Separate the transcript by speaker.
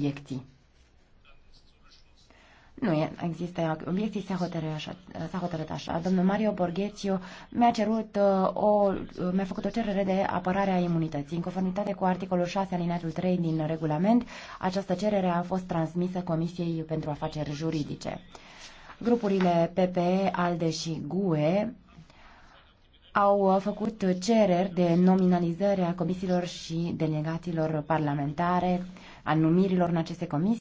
Speaker 1: obiecții.
Speaker 2: Nu e, există obiecții, s-a hotărât așa. hotărât așa. Domnul Mario Borghețiu mi-a cerut uh, o, mi-a făcut o cerere de apărare a imunității. În conformitate cu articolul 6 alineatul 3 din regulament, această cerere a fost transmisă Comisiei pentru Afaceri Juridice. Grupurile PPE, ALDE și GUE au uh, făcut cereri de nominalizare a comisiilor și delegațiilor parlamentare al numirilor
Speaker 3: în aceste comisii.